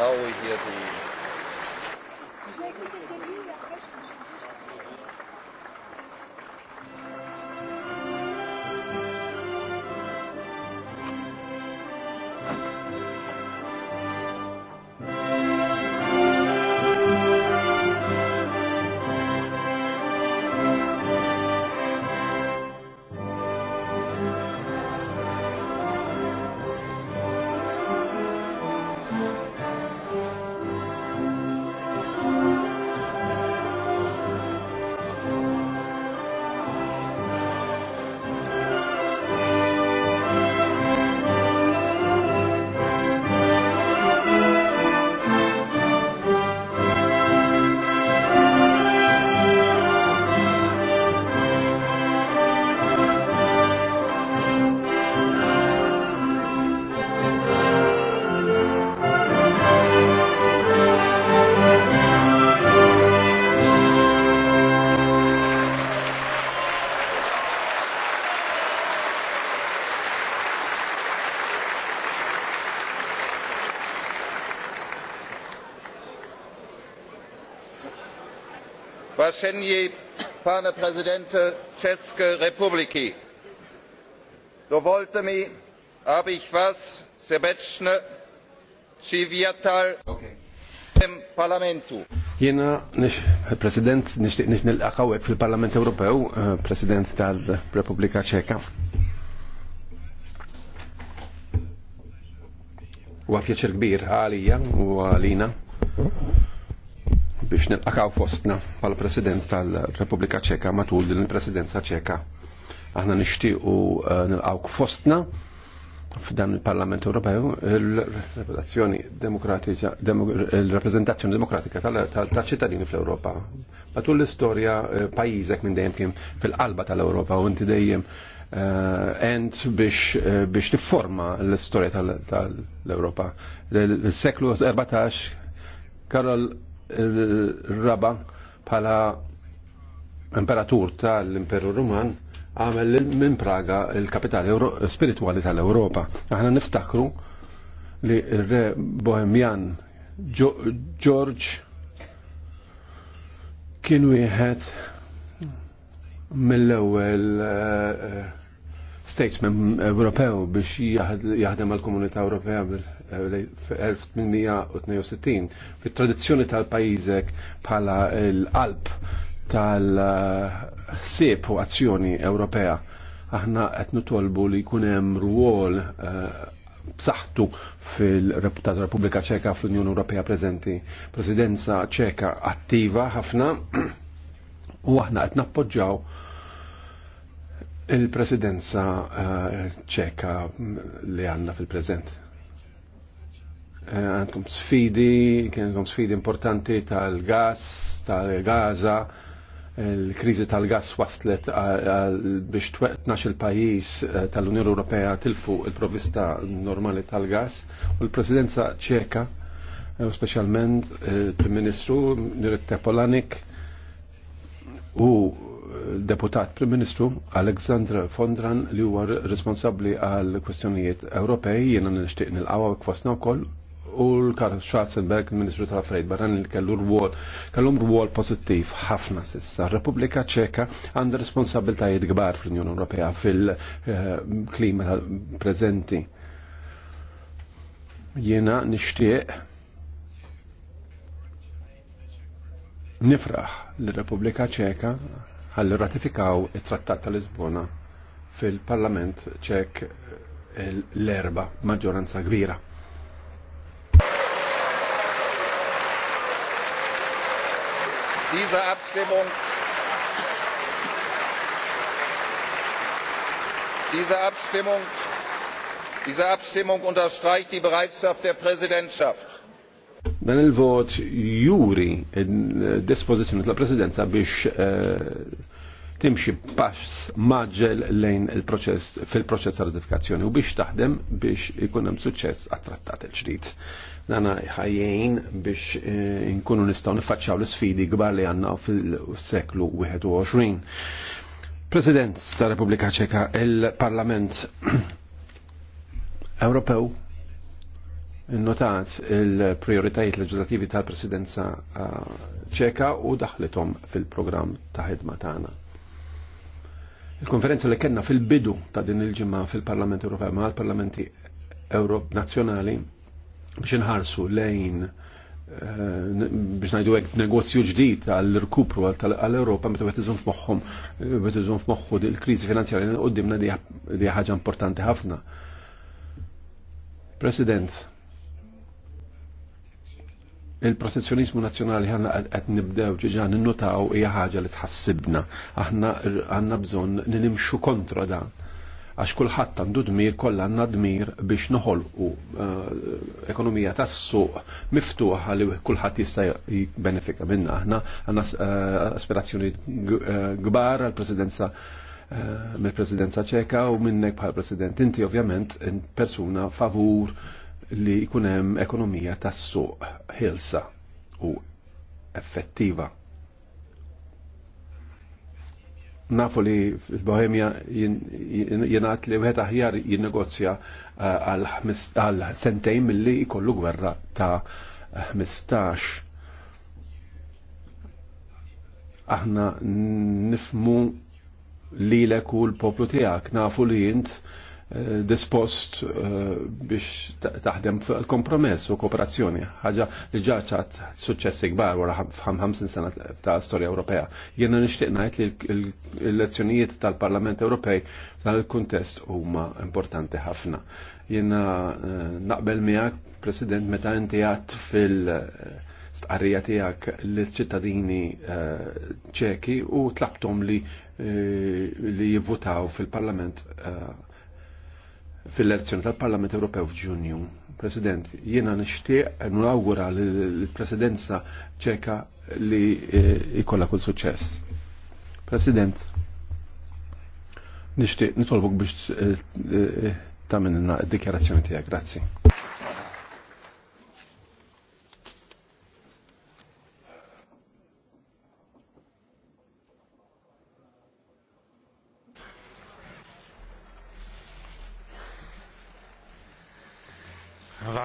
now we hear the zaproszenje pane prezydenta Czeske republiki. Do volte mi, ab ich was sebečne civiatal v parlamentu. Jena, nix, president, nix, nix nil aqawek fil-Parlament Ewropew, e, president tal-Republika Ċeka. U għafjaċer kbir għalija u għalina biex nilqakaw fostna pal president tal-Repubblika Ċeka matul din il-Presidenza Ċeka. Aħna nixtiequ eh, nilqawk fostna f'dan il-Parlament Ewropew il-rappresentazzjoni demokratika il-rappresentazzjoni demokratika tal-ċittadini fl-Ewropa. Matul l-istorja eh, pajjiżek minn dejjem kien fil-qalba tal-Ewropa u inti dejjem eh, ent biex tifforma l-istorja tal-Ewropa. Il-seklu 14 Karol il-raba bħala imperatur tal-Imperu Ruman għamel minn Praga il-kapitali spirituali tal-Europa. Aħna niftakru li il-re Bohemian George kien wieħed mill-ewwel eh, eh, statesman Ewropew biex jaħdem għal-Komunità Ewropea bil 1862 fit-tradizzjoni tal-pajizek bħala l-qalb tal-sib u azzjoni Ewropea. Aħna qed nitolbu li jkun hemm rwol b'saħħtu fil-reputat Repubblika Ċeka fl-Unjoni Ewropea preżenti. Presidenza Ċeka attiva ħafna u aħna qed nappoġġjaw il-presidenza ċeka li għanna fil-prezent. Eh, għandkom sfidi, kien għandkom sfidi importanti tal-gas, tal-gaza, il-krizi tal-gas waslet biex tweqtnax il-pajis eh, tal-Unjoni Ewropea tilfu il-provista normali tal-gas u l-presidenza ċeka, eh, specialment il-Prim Ministru Nirette Polanik u deputat Prim Ministru Aleksandr Fondran li huwa responsabbli għal kwestjonijiet Ewropej jiena nixtieq nilqgħu kwasna wkoll u l-Karl Schwarzenberg, ministru tal-Affarijiet barran li kellu rwol, r rwol pożittiv ħafna sissa. Repubblika Ċeka għandha responsabiltajiet kbar fl-Unjoni Ewropea fil-klima prezenti. Jiena nixtieq nifraħ l-Repubblika Ċeka għalli ratifikaw it-Trattat tal-Lisbona fil-Parlament ċek l-erba maġġoranza kbira. dieser Abstimmung diese Abstimmung, diese Abstimmung unterstreicht die Bereitschaft der Präsidentschaft. Dan il-vot juri dispożizzjoni tal-Presidenza biex eh, timxi pass maġġel lejn il-proċess fil-proċess ratifikazzjoni u biex taħdem biex ikun hemm suċċess għat-trattat il-ġdid. Nana ħajjejn biex eh, nkunu nistgħu nifaċċaw l-sfidi kbar li għandna fil-seklu 21. President ta' Repubblika Ċeka, il-Parlament Ewropew notat il-prioritajiet leġislativi tal-Presidenza eh, ċeka u daħlitom fil-programm ta' ħidma tagħna. Il-konferenza li kellna fil-bidu ta' din il-ġimgħa fil-Parlament Ewropew ma' l-Parlamenti Ewrop Nazzjonali biex nħarsu lejn eh, biex najdu għek negozju ġdijt għall-rkupru għall-Europa meta għet iżum f-moħħum għet iżum f'moħħu il-krizi finanzjarja li għoddimna di ħaġa importanti ħafna. President, il protezjonizmu nazjonali għanna għet nibdew ġiġa ninnutaw hija ħaġa li tħassibna. Aħna għanna bżon nimxu kontra dan għax kulħadd għandu dmir kollha għandna dmir biex noħolqu eh, ekonomija tas-suq miftuħa li kulħadd jista' jibbenefika minna. Aħna għandna eh, aspirazzjoni kbar eh, għall-presidenza mill-presidenza ċeka u minnek bħal president inti ovvjament persuna favur li jkun hemm ekonomija tas-suq ħilsa u effettiva. nafu li fil-Bohemia jenat li wieħed aħjar jinnegozja eh, għal sentejn milli jkollu gwerra ta' 15. Aħna nifmu lilek u l-poplu tiegħek nafu li jint Eh, dispost eh, biex taħdem kompromess u kooperazzjoni, ħaġa li ġaċat suċċessi kbar wara 55 sena ta' storja Ewropea. Jiena nixtieq ngħid li l-elezzjonijiet tal-Parlament Ewropej tal il-kuntest huma importanti ħafna. Jiena eh, naqbel miegħek, President, meta inti fil- stqarrija tiegħek l-ċittadini ċeki u tlabtom li jivvutaw fil-Parlament fil-elezzjoni tal-Parlament Ewropew f'Ġunju. President, jiena nixtieq nawgura l-Presidenza ċeka li jkollha eh, kull suċċess. President, nixtieq nitolbuk biex eh, eh, tagħmel dikjarazzjoni tiegħek, grazzi.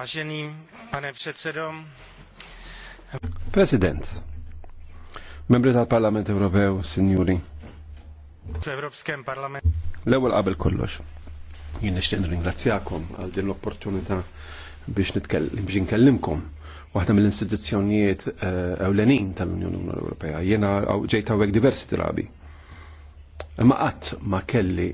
Vážený pane předsedo. Prezident. Membri tal-Parlament Ewropew, Signori. L-ewwel qabel kollox. Jien nixtieq nirringrazzjakom għal din l-opportunità biex nitkellem biex nkellimkom waħda mill-istituzzjonijiet eh, ewlenin tal-Unjoni Ewropea. Jiena ġejt hawnhekk diversi drabi. Imma qatt ma kelli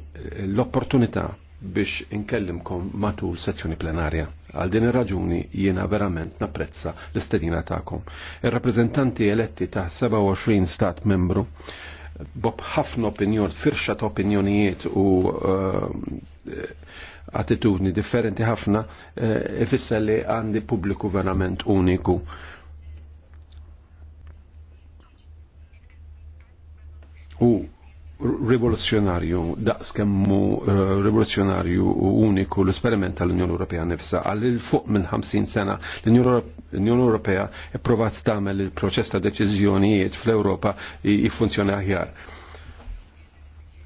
l-opportunità biex inkellimkom matul sezzjoni plenarja. Għal din ir-raġuni jiena verament napprezza l-istedina tagħkom. Ir-rappreżentanti eletti ta' 27 stat membru bob ħafna opinjon, firxa ta' opinjonijiet u uh, attitudni differenti ħafna uh, ifisser li għandi pubbliku verament uniku. U rivoluzjonarju, daqs kemmu eh, rivoluzjonarju uniku l-esperiment tal-Unjoni Ewropea nifsa, għalli fuq minn 50 sena l-Unjoni Ewropea provat tagħmel il-proċess ta' deċiżjonijiet fl-Ewropa jiffunzjona aħjar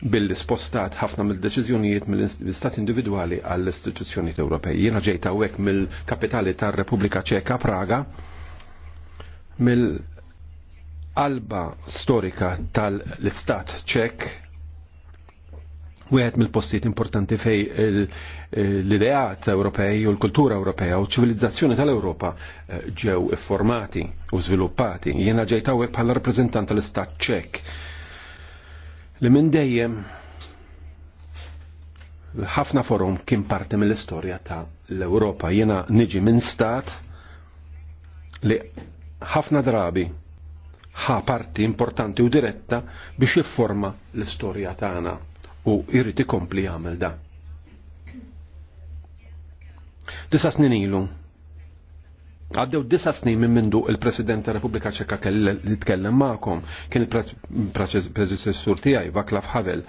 billi spostat ħafna mill-deċiżjonijiet mill-istat individwali għall-istituzzjonijiet Ewropej. Jiena ġejta għek mill-kapitali tar-Repubblika Ċeka Praga mill qalba storika tal-istat ċek Wieħed mill-postijiet importanti fej l-ideat Ewropej u l-kultura Ewropea u ċivilizzazzjoni tal-Ewropa eh, ġew iffurmati u żviluppati. Jiena ġejta hawnhekk bħala rappreżentant tal-Istat Ċek. Li minn dejjem ħafna forum kien parti mill-istorja ta' l-Ewropa. Jiena niġi minn stat li ħafna drabi ħa parti importanti u diretta biex jifforma l-istorja tagħna u jrid ikompli jagħmel da. Disa snin ilu. Għaddew disa snin minn mindu il-President ta' Repubblika Ċeka li tkellem magħkom kien il-preċessur tiegħi Vaklav Havel.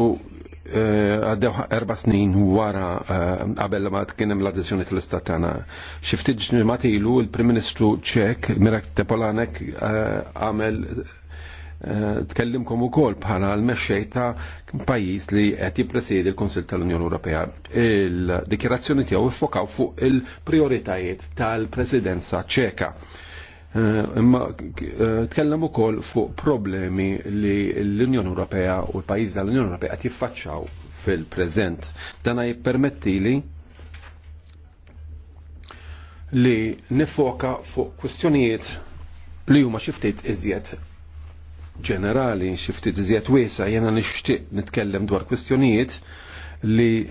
U għaddew erba snin wara eh, qabel ma kien hemm l-adeżjoni tal-istat tagħna. Xi ftit ġimgħat ilu l-Prim Ministru Ċek Mirek Tepolanek eh, għamel eh, tkellimkom ukoll bħala l-mexxej ta' pajjiż li qed jippresjedi l-Kunsill tal-Unjoni Ewropea. Il-dikjerazzjoni tiegħu iffokaw fuq il-prijoritajiet tal-Presidenza ċeka. Imma tkellem ukoll fuq problemi li l-Unjoni Ewropea u l-pajjiż tal-Unjoni Ewropea qed jiffaċċaw fil-prezent. Dana jippermetti li li nifoka fuq kwestjonijiet li huma xiftit iżjed ġenerali, xiftit iżjed wiesa, jena nixtieq nitkellem dwar kwestjonijiet li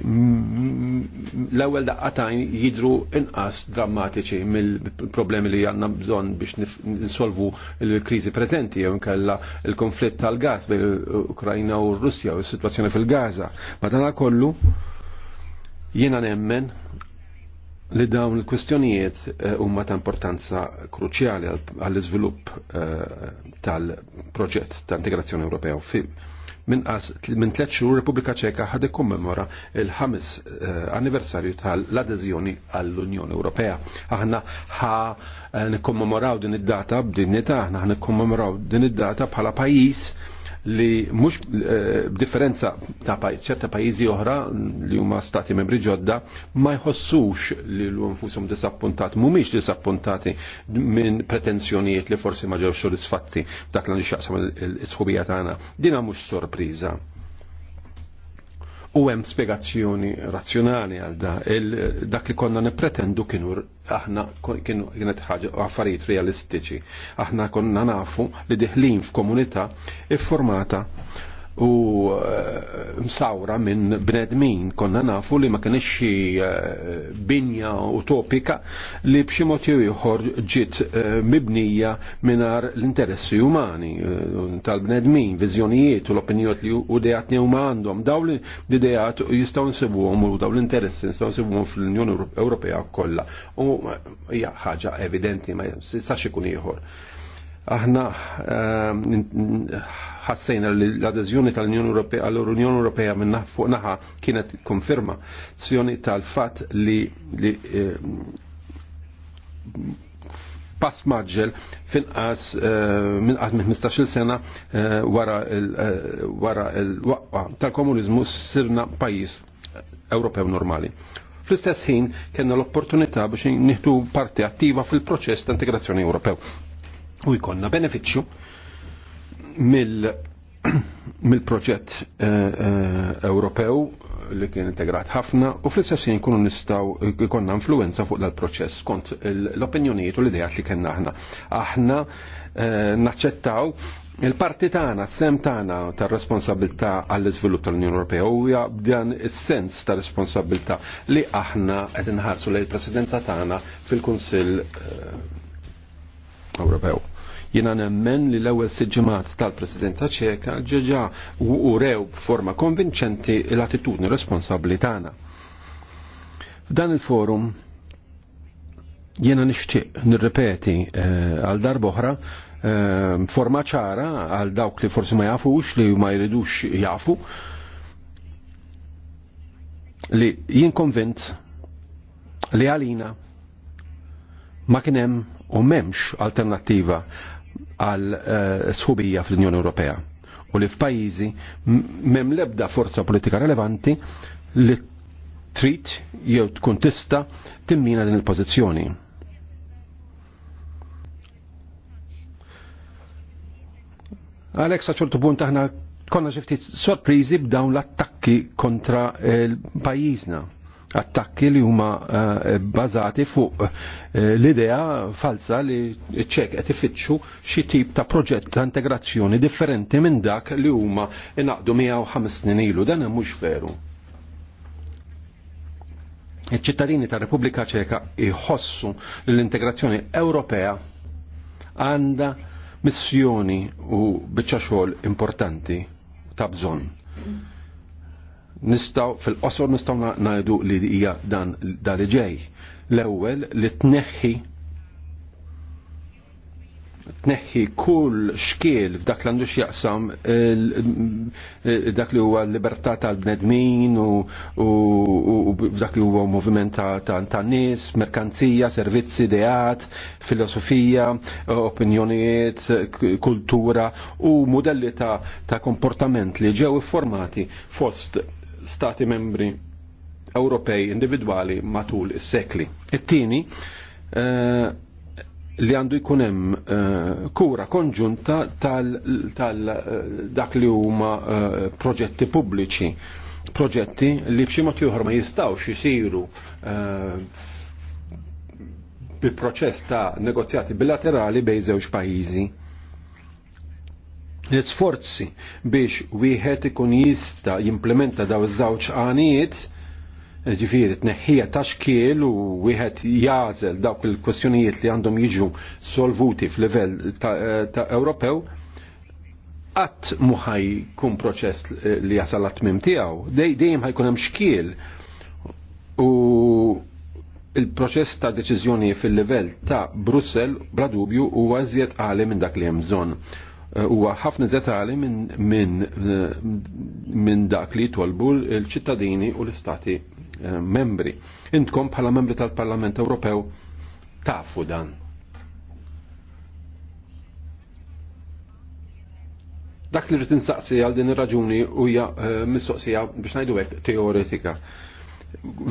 l-ewwel daqqatajn jidru inqas drammatiċi mill-problemi li għandna bżonn biex nisolvu l-kriżi preżenti jew inkella l-konflitt tal-gas bejn Ukrajna u Russja u s-sitwazzjoni fil-Gaza. dan kollu jiena nemmen li dawn il-kwestjonijiet eh, huma ta' importanza kruċjali għall-iżvilupp eh, tal-proġett ta' integrazzjoni u fil minn tliet xhur Repubblika Ċeka ħad ikkommemora il-ħames eh, anniversarju tal-adeżjoni għall-Unjoni Ewropea. Aħna ħa eh, nikkommemoraw din id-data b'dinjità, aħna nikkommemoraw din id-data bħala pajjiż li mhux eh, b'differenza ta' ċerta pajjiżi oħra li huma stati membri ġodda ma jħossux li l unfusum disappuntati, mhumiex disappuntati minn pretenzjonijiet li forsi ma ġewx sodisfatti dak li nixaqsam il-sħubija tagħna. Dina mhux sorpriża u hemm spiegazzjoni razzjonali għal da. Dak li konna nippretendu kienu aħna kienu kienet ħaġa affarijiet realistiċi. Aħna konna nafu li diħlin f'komunità iffurmata u eh, msawra minn bnedmin konna nafu li ma kienx eh, binja utopika li b'xi mod ieħor ġiet eh, mibnija mingħajr l-interessi umani tal-bnedmin, viżjonijiet u l-opinjonijiet li u dejat huma għandhom dawn l-idejat jistgħu nsibuhom u dawn l-interessi jistgħu nsibuhom fl-Unjoni Ewropea kollha. U hija ħaġa evidenti ma jistax ikun ieħor aħna ħassejna li l-adeżjoni tal-Unjoni Ewropea għall-Unjoni Ewropea minn fuq naħa kienet konferma azzjoni tal-fatt li, li eh, pass maġġel finqas minqas eh, minn 15-il sena eh, wara l-waqqa eh, tal-komunizmu sirna pajis Ewropew normali. Fl-istess ħin kellna l-opportunità biex nieħdu parti attiva fil-proċess ta' integrazzjoni Ewropew. U jkollna benefiċċju mill proġett eh, eh, Ewropew li kien integrat ħafna u fl-istess jien kunu nistgħu ikonna influenza fuq dal-proċess kont l-opinjonijiet u l-idejat li kien aħna. Aħna eh, naċċettaw Il-parti tagħna, sem tagħna tar-responsabilità għall-iżvilupp tal-Unjoni Ewropea huwa b'dan is-sens ta' responsabilità li aħna qed inħarsu lejn il-Presidenza tagħna fil-Kunsill Ewropew. Jena nemmen li l-ewel siġimat tal-Presidenta ċeka ġeġa u rew b'forma konvinċenti l-attitudni responsabli tagħna. F'dan il-forum jena nixtieq nirrepeti eh, għal darboħra eh, forma ċara għal dawk li forsi ma jafux li ma jridux jafu li jien konvint li għalina ma kienem u memx alternativa għal eh, sħubija fl-Unjoni Ewropea u li f'pajjiżi m'hemm l-ebda forza politika relevanti li trid jew tkun tista' timmina din il-pożizzjoni. Alex, ċertu punt aħna konna ġifti sorprizi b'dawn l-attakki kontra eh, l-pajjiżna attakki li huma eh, bazati fuq eh, l-idea falsa li ċek qed ifittxu xi tip ta' proġett ta' integrazzjoni differenti minn dak li huma inaqdu 105 snin ilu dan mhux veru. Iċ-ċittadini ta' Repubblika Ċeka jħossu l-integrazzjoni Ewropea għandha missjoni u biċċa xogħol importanti ta' bżonn nistaw fil-qosor nistaw najdu li hija dan dal ġej. L-ewwel li tneħħi tneħħi kull xkiel f'dak l-għandu x'jaqsam dak li huwa l-libertà tal-bnedmin u f'dak li huwa moviment ta' nies, merkanzija, servizzi, ideat, filosofija, opinjonijiet, kultura u modelli ta' komportament li ġew formati fost stati membri Ewropej individwali matul is-sekli. It-tieni eh, li għandu jkun hemm eh, kura konġunta tal, eh, dak li huma proġetti pubbliċi, proġetti li b'xi mod ieħor ma jistgħux isiru bi proċess ta' negozjati bilaterali bejn żewġ pajjiżi l biex wieħed ikun jista jimplementa daw iż-żawġ għanijiet, ġifiri tneħħija ta' xkiel u wieħed jażel dawk il-kwestjonijiet li għandhom jiġu solvuti f'livell ta' Ewropew, qatt muħaj kun proċess li jasal għat-tmim tiegħu, dejjem ħajkun hemm xkiel u il-proċess ta' deċiżjoni fil-livell ta' Brussel bla dubju huwa iżjed għali minn dak li hemm bżonn Eh, huwa ħafna zetali eh, minn dak li jitolbu l-ċittadini u l-istati eh, membri. Intkom bħala membri tal-Parlament Ewropew tafu dan. Dak li rrit insaqsi għal din ir-raġuni huja mistoqsija biex ngħidu hekk teoretika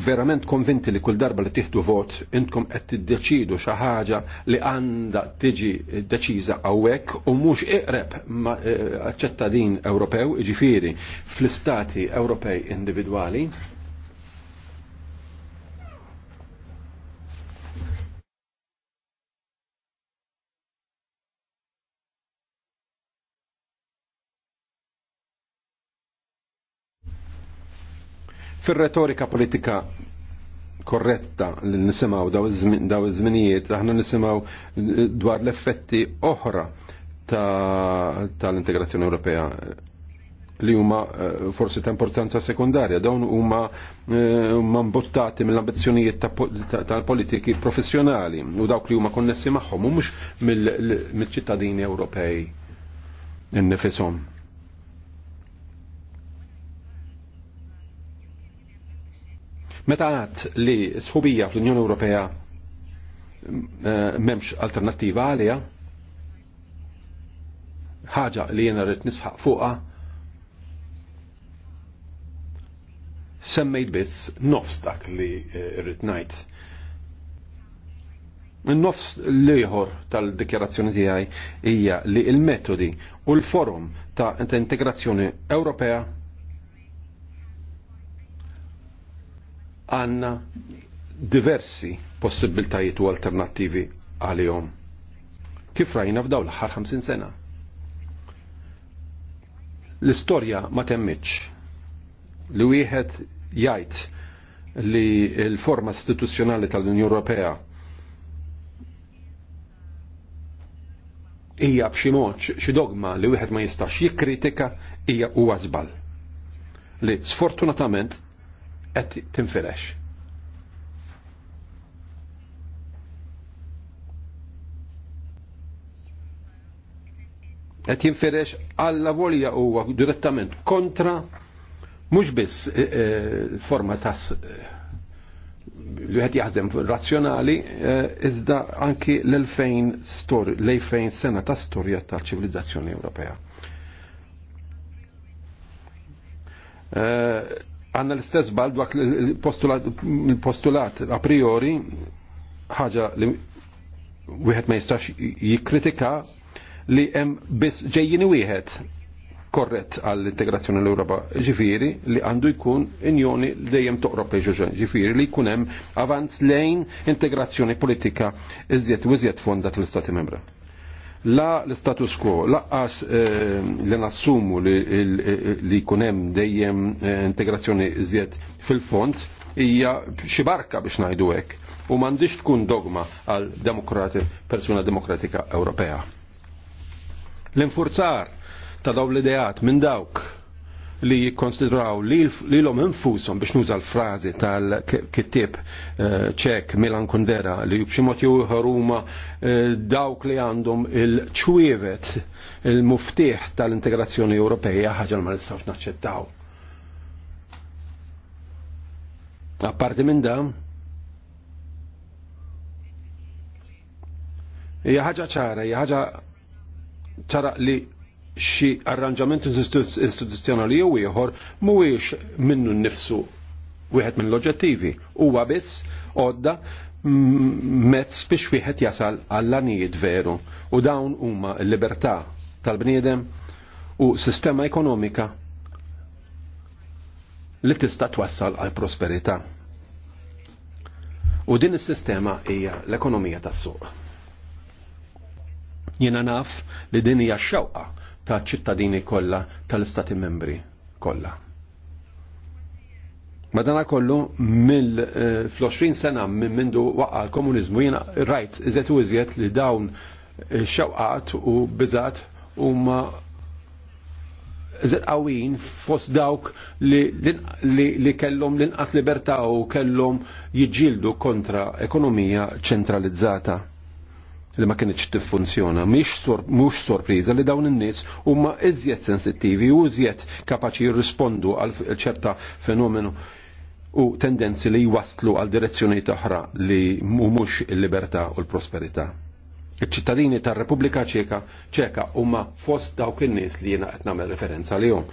verament konvinti li kull darba li tiħdu vot intkom qed tiddeċidu xi ħaġa li għandha tiġi deċiża hawnhekk u mhux iqreb eh, ċittadin Ewropew, jiġifieri fl-istati Ewropej individwali. fil retorika politika korretta li nisimaw daw iż-żminijiet, aħna nisimaw eh, dwar l-effetti oħra tal-integrazzjoni ta Ewropea eh, li huma eh, forsi ta' importanza sekundarja, dawn huma mbuttati mill-ambizzjonijiet tal-politiki professjonali u dawk li huma konnessi magħhom u mhux mill-ċittadini Ewropej innifisom. Meta għat li sħubija fl-Unjoni Ewropea eh, memx alternattiva għalija, ħaġa li jena rrit nisħaq fuqa, semmejt biss nofs dak li eh, rrit najt. Nofs liħor tal dikjerazzjoni tiegħi hija li il-metodi u l-forum ta' integrazzjoni Ewropea għanna diversi possibiltajiet u alternativi għalihom. Kif rajna f'daw l-aħħar 50 sena? L-istorja ma temmitx li wieħed jgħid li l-forma istituzzjonali tal-Unjoni Ewropea hija b'xi mod xi dogma li wieħed ma jistax jikkritika hija huwa żball. Li sfortunatament qed tinfirex. Qed jinfirex alla volja huwa direttament kontra mhux biss e, e, forma tas li għed jaħdem razzjonali, e, iżda anki l-2000 sena ta' storja ta' ċivilizzazzjoni Ewropea għanna l-istess bal dwak l postulat a priori ħaġa li wieħed ma jistax jikkritika li hemm biss ġejjini wieħed korret għall-integrazzjoni l-Europa ġifiri li għandu jkun unjoni dejjem toqrob ġoġen ġifiri li jkun hemm avanz lejn integrazzjoni politika iżjed u iżjed fonda tal istati membra la l-status quo, laqqas eh, li nassumu li eh, kunem dejjem eh, integrazzjoni iżjed fil-font, hija xi barka biex ngħidu hekk u m'għandix tkun dogma għal demokrati, persuna demokratika Ewropea. L-infurzar ta' dawl l-ideat minn dawk li jikkonsidraw li l-om infusom biex nuża l-frazi tal-kittib ċek eh, Milan Kundera li bximot juħaruma eh, dawk li għandhom il-ċwievet il-muftiħ tal-integrazzjoni Ewropeja ħagġa ma nistawx naċċettaw. Apparti minn dan, hija ħaġa ċara, hija ħaġa ċara li xi arranġament istituzzjonali jew ieħor mhuwiex minnu nnifsu wieħed mill oġġettivi huwa biss għodda mezz biex wieħed jasal għall-anijiet veru u dawn huma l-libertà tal-bniedem u sistema ekonomika li tista' twassal għal prosperità. U din is-sistema hija l-ekonomija tas-suq. Jiena naf li din hija x-xewqa ta' ċittadini kollha tal-Istati membri kollha. Madana kollu mill eh, fl-20 sena minn mindu waqqa l-komunizmu jina rajt iżet u iżet li dawn xewqat u bizat huma iżet qawin fost dawk li, kellhom l-inqas libertà u kellhom jiġġieldu kontra ekonomija ċentralizzata li ma kienx tiffunzjona. Mhux sorpriża li dawn in-nies huma iżjed sensittivi u iżjed kapaċi jirrispondu għal ċerta fenomenu u tendenzi li jwaslu għal direzzjonijiet oħra li mhumux il-libertà u l-prosperità. Iċ-ċittadini tar-Repubblika Ċeka ċeka huma fost dawk in-nies li jiena qed nagħmel referenza għalihom.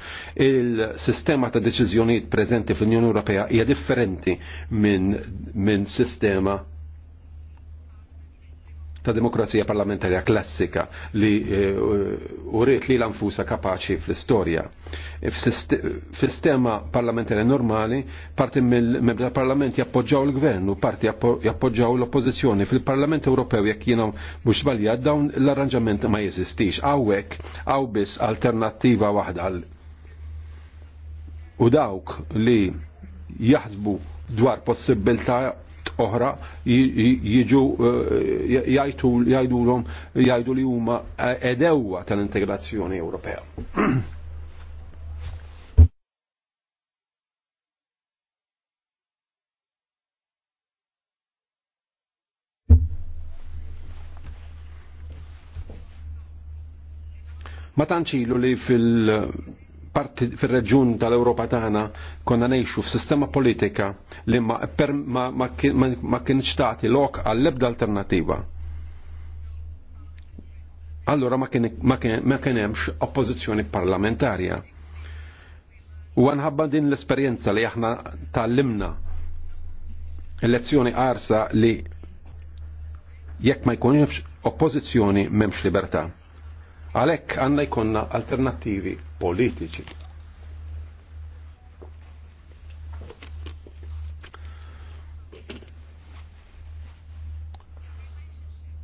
Il-sistema ta' deċiżjonijiet preżenti fl-Unjoni Ewropea hija differenti minn min sistema ta' demokrazija parlamentarja klassika li eh, uriet li l-anfusa kapaċi fl-istorja. F'sistema parlamentarja normali, parti mill-membri tal-parlament jappoġġaw l-gvern u parti jappoġġaw l-oppozizjoni. Fil-Parlament Ewropew jekk jiena mhux żbaljat dawn l-arranġament ma jeżistix. Hawnhekk hawn biss alternattiva waħda u dawk li jaħsbu dwar possibilta' oħra jiġu eh, jajdulhom jajdu li huma eh, edewwa tal-integrazzjoni Ewropea. Ma tanċilu li fil fil-reġun tal-Europa tagħna konna f f'sistema politika li ma, per, ma, ma, ma, ma kienx tagħti lok għall-ebda alternativa. Allora ma kien hemmx oppożizzjoni parlamentarja. U għanħabba din l-esperjenza li aħna tal-limna elezzjoni qarsa li jekk ma jkunx oppożizzjoni m'hemmx libertà. Għalhekk għandna jkollna alternattivi politiċi.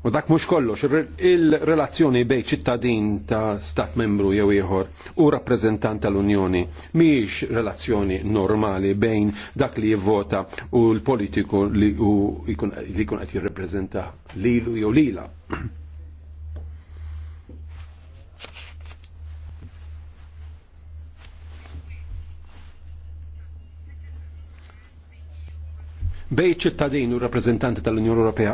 U dak mhux kollox, il-relazzjoni bej ċittadin ta' stat membru jew ieħor u rappreżentant tal-Unjoni mhijiex relazzjoni normali bejn dak li jivvota u l-politiku li jkun qed jirrepreżenta lilu jew lila. Bej ċittadin u rappresentanti tal-Unjoni Ewropea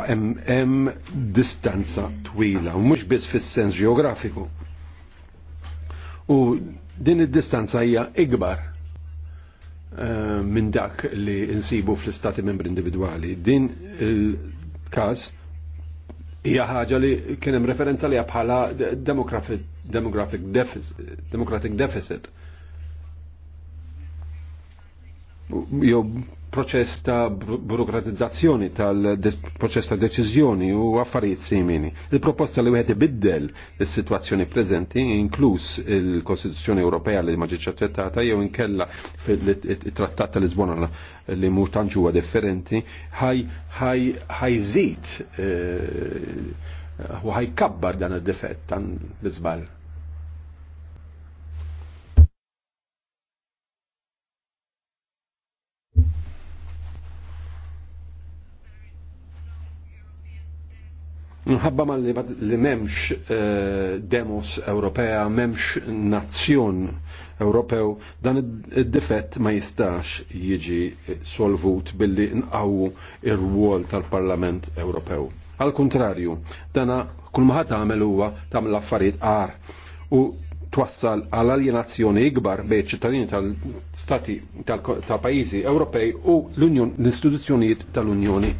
hemm distanza twila, u mhux biss fis-sens ġeografiku. U din id-distanza hija ikbar eh, minn dak li insibu fl-istati membri individwali. Din il-każ hija ħaġa li kien hemm referenza li bħala Demographic deficit jew proċess ta' burokratizzazzjoni tal-proċess ta' deċiżjoni u affarijiet simili. Il-proposta li wieħed ibiddel is-sitwazzjoni preżenti, inkluż il-Kostituzzjoni Ewropea li ma ġietx aċċettata jew inkella fil-Trattat ta' Lisbona li mhux tant huwa differenti, ħajżid eh, u ħajkabbar dan id-difett tan l-iżball. Nħabba ma li memx eh, demos Ewropea, memx nazzjon Ewropew, dan id-difett ma jistax jiġi solvut billi nqawwu ir-rwol tal-Parlament Ewropew. Al kontrarju, dana kull ma ħadd huwa tagħmel affarijiet qar u twassal għal aljenazzjoni ikbar bejn ċittadini tal-stati tal-pajjiżi Ewropej u l-Unjon l-istituzzjonijiet tal-Unjoni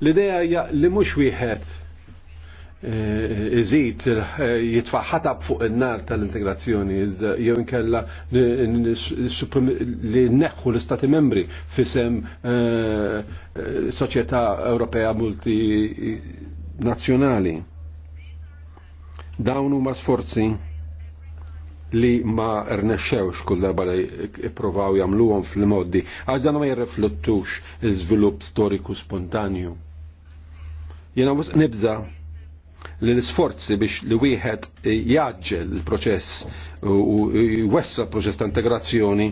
L-idea hija li mhux wieħed eh, iżid eh, jitfaħħatab fuq in-nar tal-integrazzjoni jew inkella li neħħu l-Istati membri fisem eh, soċjetà Ewropea multinazzjonali. Dawn huma sforzi li ma rnexxewx kull darba li ippruvaw jagħmluhom fil-modi għax dan ma jirriflettux l-iżvilupp storiku spontanju Jena nibza li l-sforzi biex li wieħed jaġġel il-proċess u jwessa l-proċess ta' integrazzjoni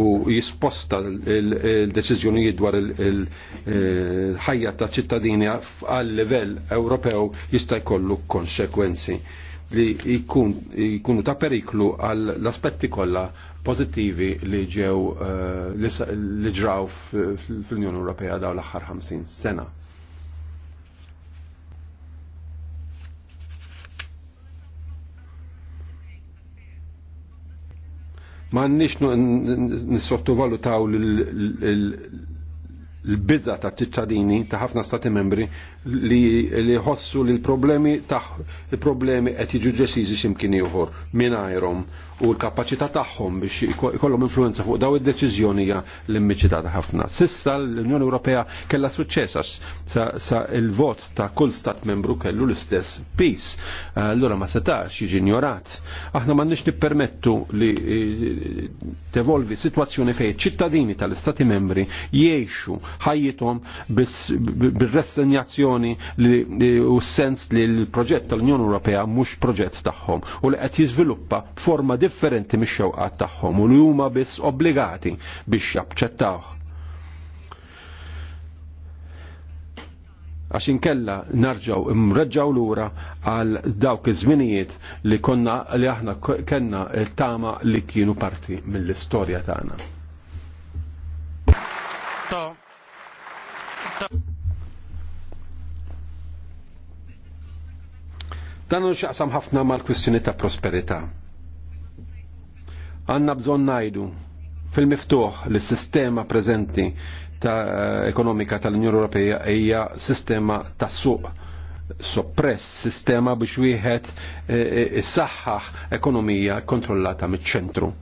u jisposta l-deċiżjonijiet dwar il-ħajja ta' ċittadini għal livell Ewropew jista' jkollu konsekwenzi li jkunu ta' periklu għal l-aspetti kollha pozittivi li ġew eh, li ġraw fl-Unjoni Ewropea dawn l-aħħar 50 sena. Ma nix nissottovalutaw l-bizza ta' ċittadini ta' ħafna stati membri li ħossu li l-problemi ta' l-problemi qed jiġu ġesiżi x'imkien ieħor mingħajrhom u l-kapacità tagħhom biex ikollhom influenza fuq daw id-deċiżjoni hija limmiċitata ħafna. Sissa l-Unjoni Ewropea kellha suċċess għax sa il-vot ta' kull stat membru kellu l-istess peace. Allura ma setax jiġi ignorat. Aħna m'għandniex nippermettu li eh, tevolvi sitwazzjoni fejn ċittadini tal-istati membri jgħixu ħajjithom bir-resenjazzjoni u s-sens li l-proġett tal-Unjoni Ewropea mhux proġett tagħhom u li qed jiżviluppa forma differenti mix-xewqat tagħhom u li huma biss obbligati biex jaċċettawh. għax inkella narġaw imreġaw lura għal dawk iż-żminijiet li konna li aħna kenna tama li kienu parti mill-istorja tagħna. Dan xaqsam ħafna mal-kwistjoni ta' prosperità. Għanna bżon najdu fil-miftuħ li s-sistema prezenti ta' ekonomika tal-Unjoni Ewropea hija sistema ta' suq soppress sistema biex wieħed issaħħaħ e, e, e, ekonomija kontrollata miċ-ċentru.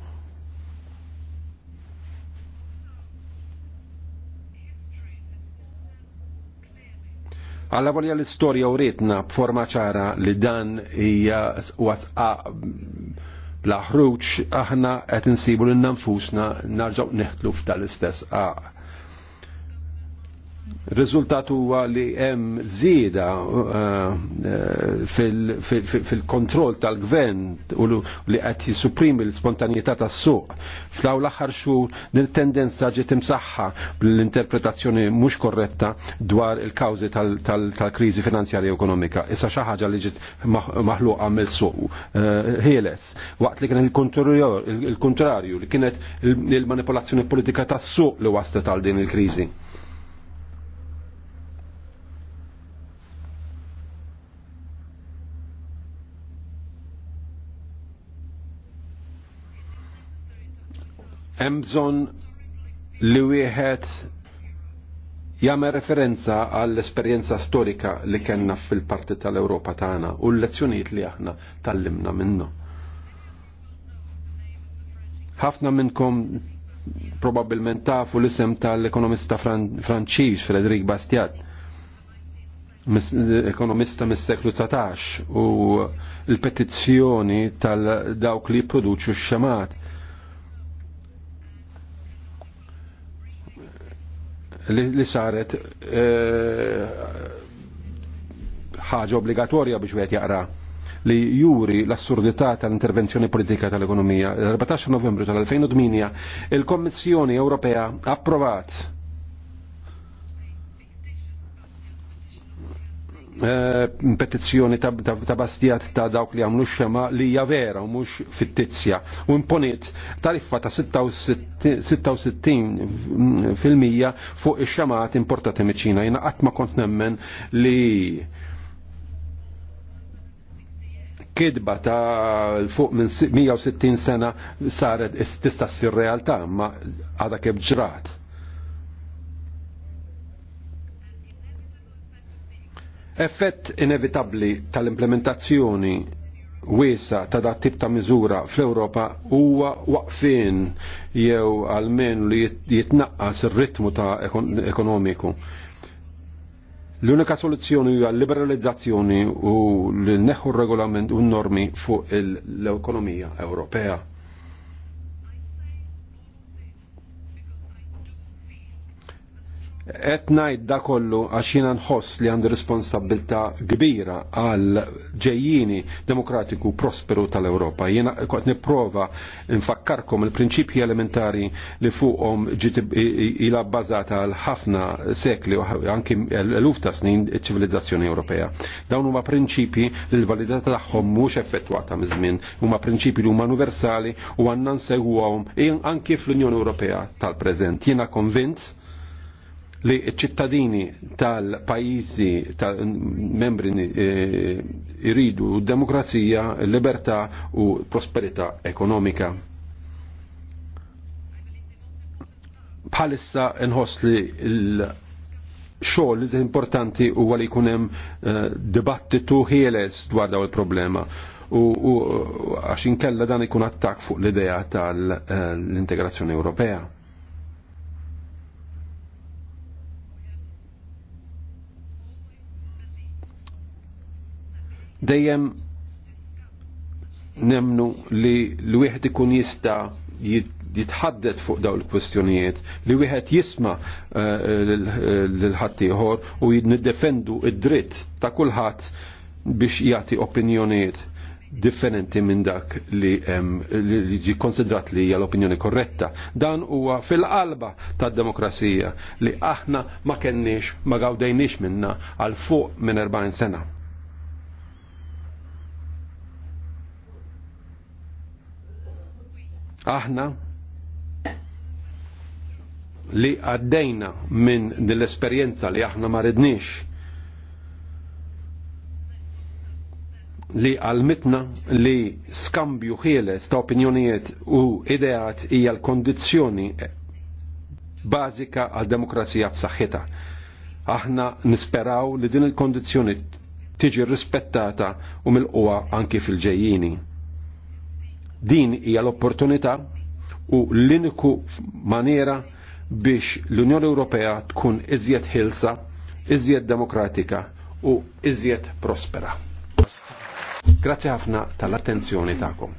Alla volja l-istorja u ritna b'forma ċara li dan hija wasqa bla ħruġ aħna qed insibu lil nfusna narġgħu neħtlu f'dal istess għaq. Ah. Rizultat huwa li hemm żieda uh, uh, fil-kontroll tal-gvern u li qed jisuprimi l-spontanjetà tas-suq. Flaw l-aħħar xhur din tendenza ġiet imsaħħa bl-interpretazzjoni mhux korretta dwar il-kawżi tal-kriżi finanzjarja ekonomika. Issa xi ħaġa li ġiet maħluqa mill-suq uh, ħieles. Waqt li kien il-kontrarju li kienet il-manipolazzjoni politika tas-suq li waslet għal din il-kriżi. hemm bżonn li wieħed jagħmel referenza għall-esperjenza storika li kellna fil-parti tal-Ewropa tagħna u l-lezzjonijiet li aħna tallimna minnu. Ħafna minnkom probabbilment tafu l-isem tal-ekonomista Franċiż Frederik Bastiat ekonomista mis-seklu 19 u l-petizzjoni tal-dawk li produċu x-xemat li, saret e, ħaġa e, obbligatorja biex wieħed jaqra li juri l-assurdità tal-intervenzjoni politika tal-ekonomija. 14 novembru tal-2008 il-Kommissjoni Ewropea approvat petizzjoni ta' bastijat ta' dawk li għamlu xema li hija vera u mhux fittizja. U imponiet tariffa ta' 66 fil-mija fuq ix-xemat importati meċina. Jena għatma ma kont nemmen li kidba ta' fuq minn 160 sena saret tista' ssir realtà ma għadha kebġrat. ġrat. Effett inevitabbli tal-implementazzjoni wiesa ta' dat tip ta' miżura fl-Ewropa huwa waqfin jew għalmen li jitnaqqas ir-ritmu ta' ekonomiku. L-unika soluzzjoni huwa liberalizzazzjoni u l-neħu regolament u normi fuq l-ekonomija Ewropea. etnajt da kollu għax jina nħoss li għandu responsabilta kbira għal ġejjini demokratiku prosperu tal-Europa. Jina kot niprofa nfakkarkom il-prinċipji elementari li fuqom ila bazata għal ħafna sekli u anki l-uf ta' snin ċivilizzazzjoni Ewropea. Dawn huma prinċipji li l validata tagħhom mhux effettwata mizmin, huma prinċipji li huma universali u għandna nsegwuhom anki fl-Unjoni Ewropea tal-preżent. Jiena konvinz li ċittadini tal-pajizi tal-membri eh, iridu demokrazija, libertà u prosperità ekonomika. Bħalissa nħoss li xogħol iż importanti huwa li jkun hemm eh, dibattitu ħieles dwar daw il-problema. U għax inkella dan ikun attak fuq l-idea tal-integrazzjoni eh, Ewropea Dejjem nemnu li l-wieħed ikun jista' jitħaddet fuq daw il-kwestjonijiet li wieħed jisma eh, l-ħaddieħor u jiddefendu id-dritt ta' kulħadd biex jagħti opinjonijiet differenti minn dak li ġi konsidrat li hija l-opinjoni korretta. Dan huwa fil-qalba tad-demokrazija li aħna ma kenniex ma gawdejniex minna għal fuq minn 40 sena. aħna li għaddejna minn din l-esperjenza li aħna ma ridniex li għalmitna li skambju ħieles ta' opinjonijiet u ideat hija l-kondizzjoni bażika għal demokrazija f'saħħitha. Aħna nisperaw li din il-kondizzjoni tiġi rispettata u mill-qwa anki fil-ġejjini. Din hija l-opportunità u l-iniku maniera biex l-Unjoni Ewropea tkun iżjed ħilsa, iżjed demokratika u iżjed prospera. Grazie ħafna tal-attenzjoni tagħkom.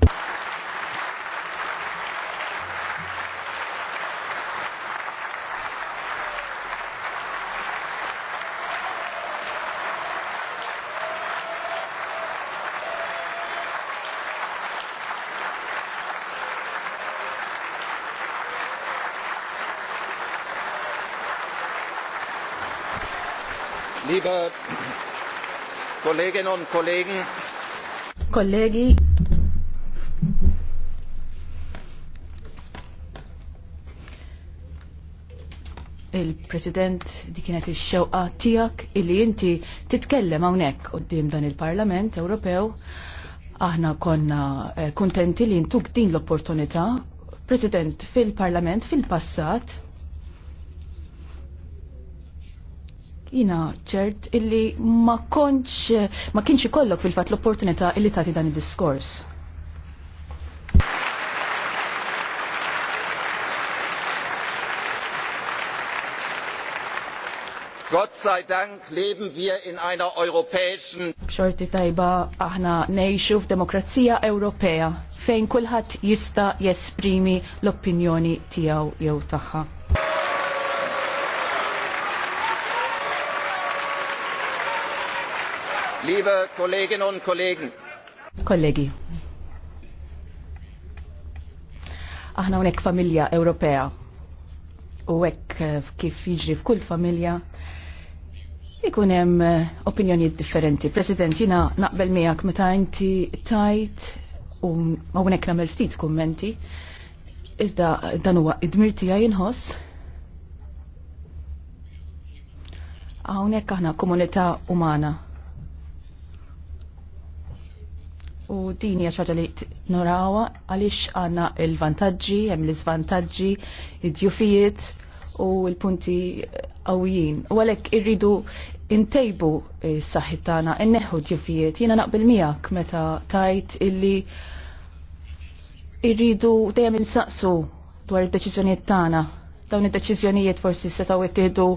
Kolleginnen und Kollegen. Kollegi. Il-President di kienet ix-xewqa tiegħek illi inti titkellem hawnhekk qudiem dan il-Parlament Ewropew. Aħna konna eh, kuntenti li ntuk din l-opportunità President fil-Parlament fil-passat jina ċert illi ma konċ ma kienx ikollok fil-fat l-opportunità illi tagħti dan id-diskors. Gott sei Dank leben wir in einer europäischen B'xorti tajba aħna nejxu f'demokrazija Ewropea fejn kulħadd jista' jesprimi l-opinjoni tiegħu jew tagħha. Liebe Kolleginnen und Kollegen. Kollegi. Aħna unek familja Ewropea. U hekk eh, kif jiġri f'kull familja ikun hemm eh, opinjonijiet differenti. President, jina naqbel miegħek meta inti tajt u ma hawnhekk nagħmel ftit kummenti. Iżda dan huwa id-dmir tiegħi inħoss hawnhekk aħna komunità umana u din hija xaġa li norawa għaliex għandna il-vantaġġi, hemm l-iżvantaġġi, id-djufijiet u l-punti għawijin. U għalhekk irridu intejbu eh, s-saħħit tagħna, inneħħu jufijiet Jiena naqbel miegħek meta tajt illi irridu dejjem insaqsu dwar id-deċiżjonijiet tagħna. Dawn id-deċiżjonijiet forsi setgħu jittieħdu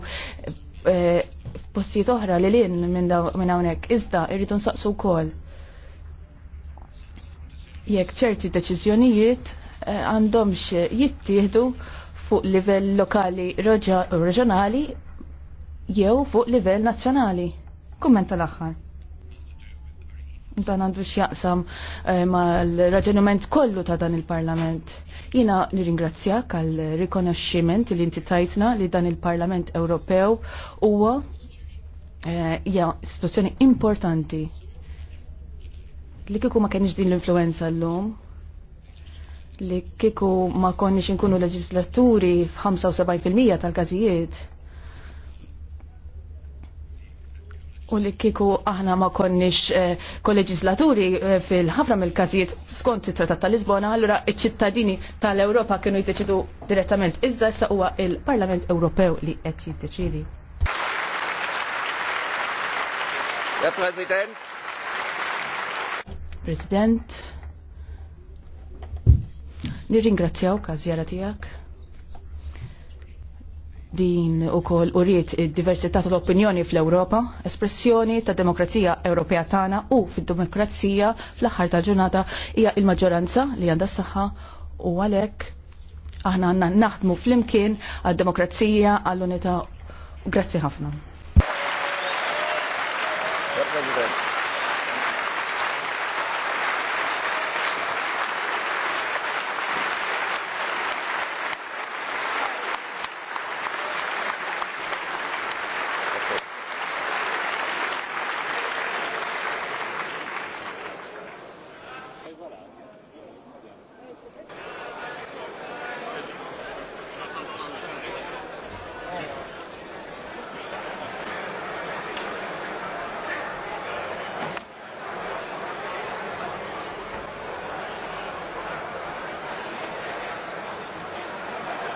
eh, f'postijiet oħra li l-in minn hawnhekk. Iżda irridu nsaqsu wkoll jekk ċerti deċiżjonijiet eh, għandhomx jittieħdu fuq livell lokali reġjonali jew fuq livell nazzjonali. Kumment tal-aħħar. Dan għandu x'jaqsam eh, ma' l-raġunament kollu ta' dan il-Parlament. Jina nirringrazzjak għal rikonoxximent li inti tajtna li dan il-Parlament Ewropew huwa eh, istituzzjoni importanti li kiku ma kienx din l-influenza l-lum, li kiku ma konniex inkunu leġislaturi f-75% tal gazijiet u li kiku aħna ma konniex eh, kolleġislaturi eh, fil-ħafra mill każijiet skont it-Tratat tal-Lisbona, allura iċ-ċittadini tal-Ewropa kienu jiddeċidu direttament. Iżda issa huwa il-Parlament Ewropew li qed jiddeċidi. Herr Präsident, President. Nirringrazzjaw għazjara tijak. Din u kol rrit diversità tal-opinjoni fl-Europa, espressjoni ta' demokrazija Ewropea tagħna u fid-demokrazija fl-aħħar ta' ġurnata hija il-maġġoranza li għandha saħħa u għalhekk aħna għandna naħdmu fl-imkien għad-demokrazija għall-unità. Grazzi ħafna.